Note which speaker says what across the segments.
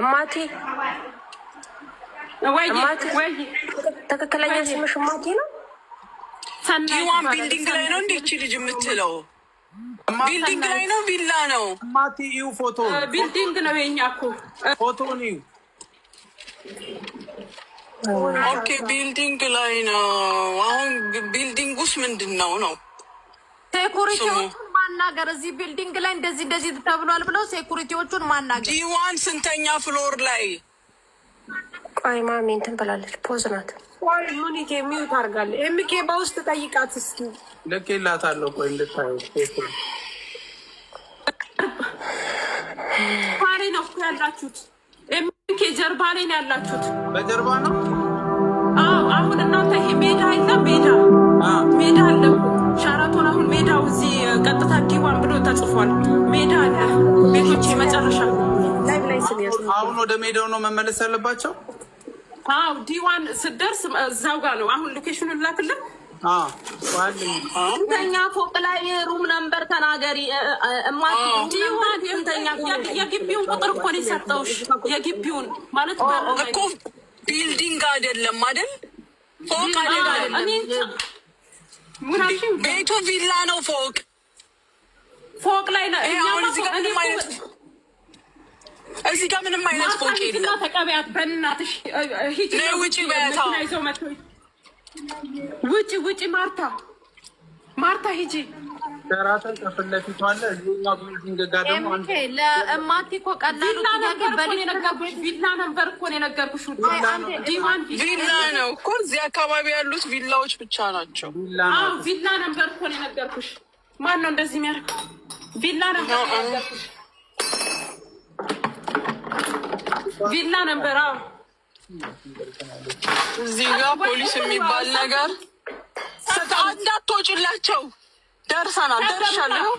Speaker 1: እማቴ ትክክለኛ ስምሽ እማቴ ነው።
Speaker 2: ቢልዲንግ ላይ ነው እንዴ? ይቺ ልጅ የምትለው ቢልዲንግ ላይ ነው ቪላ ነው?
Speaker 3: እማቴ ፎቶ
Speaker 1: ቢልዲንግ ነው የኛ እኮ
Speaker 2: ኦኬ ቢልዲንግ ላይ ነው። አሁን ቢልዲንግ ውስጥ ምንድን ነው ነው
Speaker 1: ሴኩሪቲ ማናገር እዚህ ቢልዲንግ ላይ እንደዚህ እንደዚህ ተብሏል ብለው ሴኩሪቲዎቹን ማናገር።
Speaker 2: ዲዋን ስንተኛ ፍሎር ላይ?
Speaker 4: ቆይ ማሜ እንትን ብላለች፣ ፖዝ ናት።
Speaker 1: ቆይ ሙኒቴ ሚዩት አድርጋለች። ኤምኬ በውስጥ ጠይቃት እስኪ።
Speaker 3: ልኬላታለሁ፣ ቆይ እንድታዩ
Speaker 1: ፓሪ ነው ያላችሁት። ኤምኬ ጀርባ ላይ ነው ያላችሁት። በጀርባ ነው አሁን እናንተ
Speaker 3: ወደ ሜዳው ነው መመለስ ያለባቸው።
Speaker 1: አዎ ዲዋን ስደርስ እዛው ጋር ነው። አሁን ሎኬሽኑን ላክልን። ስንተኛ ፎቅ ላይ ሩም ነምበር ተናገሪ። የግቢውን ቁጥር እኮ ነው የሰጠውሽ። የግቢውን
Speaker 2: ማለት እኮ ቢልዲንግ አይደለም አይደል? ፎቅ አይደለም። ቤቱ ቪላ ነው። ፎቅ ፎቅ ላይ ነው እዚህ ጋር ምንም አይነት ፎቅ
Speaker 1: የለም። ተቀበያት በእናትሽ ውጭ በያታ ውጭ ውጭ ማርታ ማርታ ሂጂ
Speaker 3: ራተን ከፍል ለፊቱ
Speaker 4: እኮ
Speaker 1: ቀላሉ ቪላ ነበር እኮ የነገርኩሽ።
Speaker 2: ቪላ ነው እኮ እዚህ አካባቢ ያሉት ቪላዎች ብቻ ናቸው።
Speaker 1: ቪላ ነበር እኮ የነገርኩሽ። ማን ነው እንደዚህ የሚያደርግ? ቪላ ነበር የነገርኩሽ ቪላ ነበር።
Speaker 2: እዚህ ጋር ፖሊስ የሚባል ነገር እንዳትወጪላቸው ደርሰናል፣ ደርሻለሁ።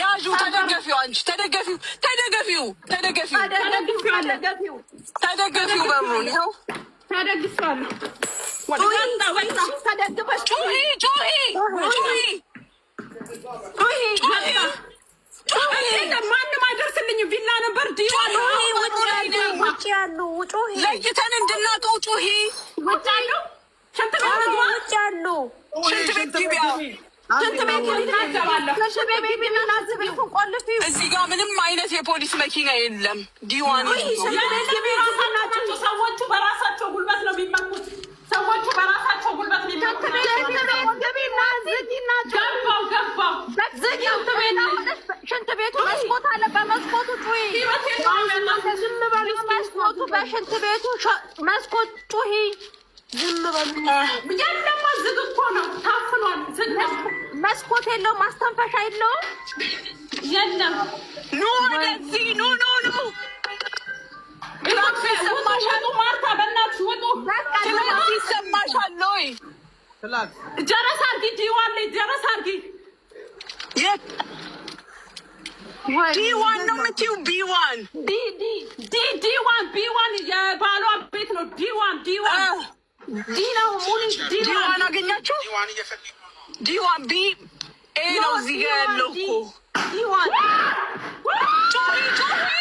Speaker 2: ያዡ ተደገፊው፣ አንቺ ተደገፊው፣ ተደገፊው፣ ተደገፊው፣ ተደገፊው፣ በሩን ይኸው
Speaker 1: ተደግሷለሁ።
Speaker 2: ጩሂ ጩሂ
Speaker 1: ጩሂ ጩሂ ማንም አይደርስልኝም። ቪላ ነበር ውጭ ያሉ
Speaker 2: ለይተን እንድናውቀው ጩሂ እዚህ ጋ ምንም አይነት የፖሊስ መኪና የለም። ዲዋን
Speaker 1: ሰዎቹ በራሳቸው ጉልበት ያለማ ዝግ እኮ ነው። ታፍኗል።
Speaker 4: መስኮት የለው፣ ማስተንፈሻ የለውም።
Speaker 1: የለም
Speaker 2: ኑ ወደዚህ ኑ ኑ ኑ
Speaker 1: ይሰማሻል። ማርታ በእናትሽ ውጡ።
Speaker 2: ይሰማሻል ወይ?
Speaker 1: ጀረስ አድርጊ ዲዋን ላይ ጀረስ አድርጊ።
Speaker 2: ዲዋን ነው የምትይው? ቢዋን
Speaker 1: ዲዋን ቢዋን የባሏ ቤት ነው። ዲዋን ዲዋን ዲናው ሙሉ ዲናዋን
Speaker 2: አገኛችሁ። ዲዋን ቢ ኤ ነው እዚህ ጋ ያለው እኮ ዲዋን ጮሪ ጮሪ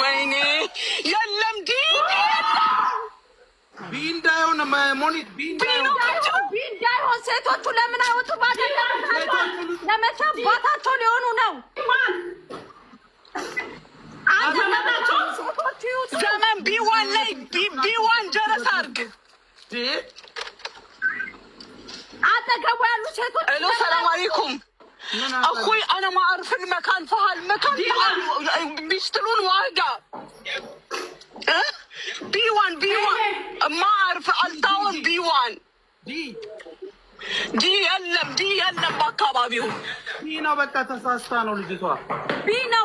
Speaker 2: ወይኔ የለም ዲ
Speaker 3: ቢ እንዳይሆን ሞኒት ቢ
Speaker 1: እንዳይሆን ሴቶቹ ለምን አወጡ? ባታ ለመተባታቸው ሊሆኑ ነው
Speaker 2: ዘመናቸው ዘመን ቢዋን ላይ ቢዋን ጀረስ አድርግ
Speaker 1: አጠገቡ ያሉ
Speaker 2: ሴቶች ሄሎ ሰላም አለይኩም اخوي انا ما اعرف المكان فهالمكان بيشترون واقع بي 1 بي 1 ما اعرف التاون بي 1 دي دي يلم دي يلم በአካባቢው
Speaker 3: ቢ ነው። በቃ ተሳስታ ነው ልጅቷ
Speaker 1: ቢ ነው።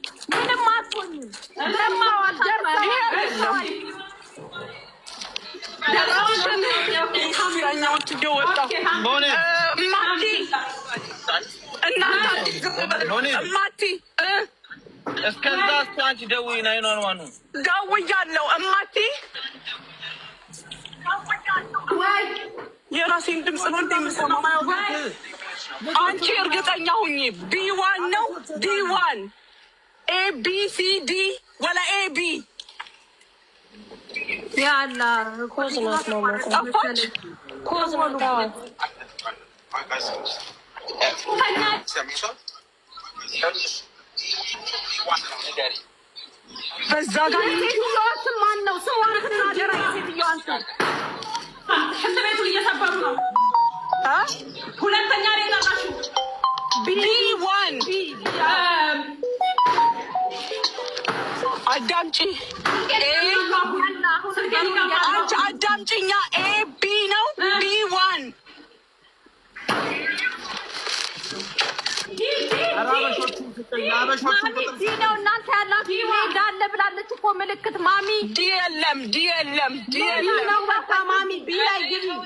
Speaker 1: ምንም አትሆኝም። ለማዋል
Speaker 2: ካሜራኛዎች እየወጣ ማቲ
Speaker 3: አንቺ ደውዪ ናይኗን ዋኑ
Speaker 2: ደውያለሁ። እማቲ የራሴን ድምፅ ነው እንደምሰማው። አንቺ እርግጠኛ ሁኚ። ቢዋን ነው ቢዋን A B C D. Well, A B.
Speaker 4: Yeah, nah. Cause not no more.
Speaker 2: A what?
Speaker 4: Cause not no more. Yeah. Oh my God.
Speaker 2: አንቺ አንቺ አዳምጪኛ። ኤ ቢ ነው ቢ ዋን
Speaker 1: ዲ ነው እናንተ ያላችሁ ዳለ ብላለች እኮ ምልክት ማሚ
Speaker 2: ዲ የለም ዲ የለም ዲ
Speaker 1: ነው በቃ ማሚ ቢ ላይ ግቢ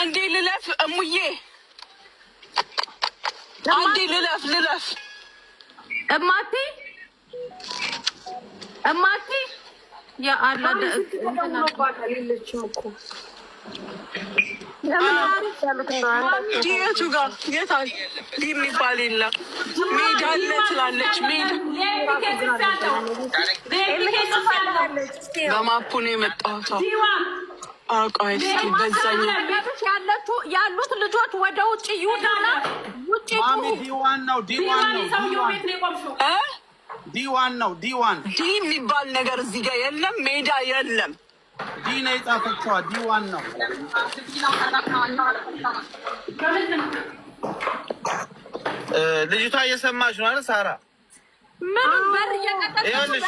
Speaker 2: አንዴ ልለፍ እሙዬ አንዴ ልለፍ ልለፍ
Speaker 1: እማቲ እማቲ
Speaker 2: የቱ ጋር የት የሚባል የለም። ሜዳ አለ ትላለች። በማፑ ነው የመጣሁት።
Speaker 1: ያሉት ልጆች ወደ ውጭ ይውጣና
Speaker 2: ነው ዲዋን
Speaker 1: ነው
Speaker 3: ዲዋን ነው ዲዋን
Speaker 2: ዲ የሚባል ነገር እዚህ ጋር የለም። ሜዳ የለም።
Speaker 3: ዲ ነው የጻፈችዋ ዲዋን ነው። ልጅቷ እየሰማች ነው አይደል ሳራ? አለ ወይ?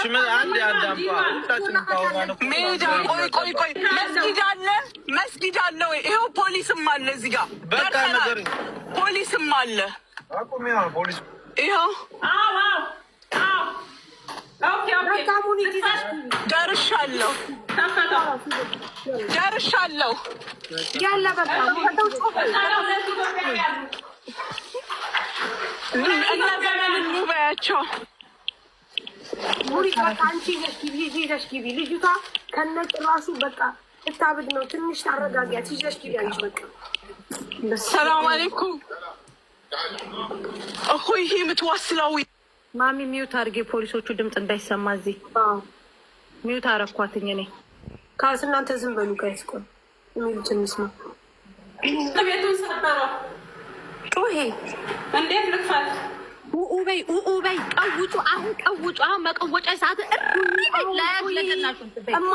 Speaker 2: ፖሊስም አለ እዚህ ጋር ፖሊስም አለ ደርሻለሁ
Speaker 1: ልጅቷ ከነጭራሹ በቃ እታብድ ነው። ትንሽ ታረጋጊያት፣ ይዘሽ ግቢ። አንቺ በቃ
Speaker 2: ሰላም አለይኩም እኮ ይሄ የምትዋስለው
Speaker 4: ማሚ ሚዩት አድርጌ ፖሊሶቹ ድምፅ እንዳይሰማ እዚህ ሚዩት አረኳትኝ። እኔ ካስ እናንተ ዝም በሉ ጋይስ፣ ቆይ የሚሉት እንስማ።
Speaker 1: ቤቱን ሰበረው። ጩሄ እንዴት ልክፋት? ውኡበይ ውኡበይ፣ ቀውጩ አሁን ቀውጩ አሁን መቀወጫ ሰዓት እሪ ላይ ለገናሹ ማ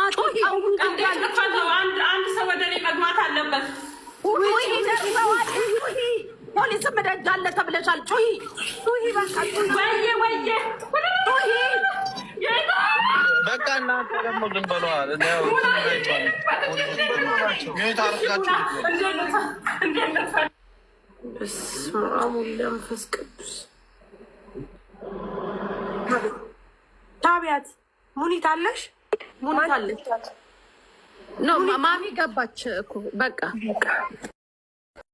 Speaker 1: አለ ተብለሻል። ጩሂ ጩሂ፣ በቃ ወይዬ ወይዬ፣ ጩሂ
Speaker 3: በቃ እናንተ ደግሞ ዝም ብለዋል።
Speaker 2: በስመ አብ ወወልድ ወመንፈስ ቅዱስ።
Speaker 1: ታቢያት ሙኒት አለሽ? ሙኒት አለሽ? ማሚ ገባች እኮ በቃ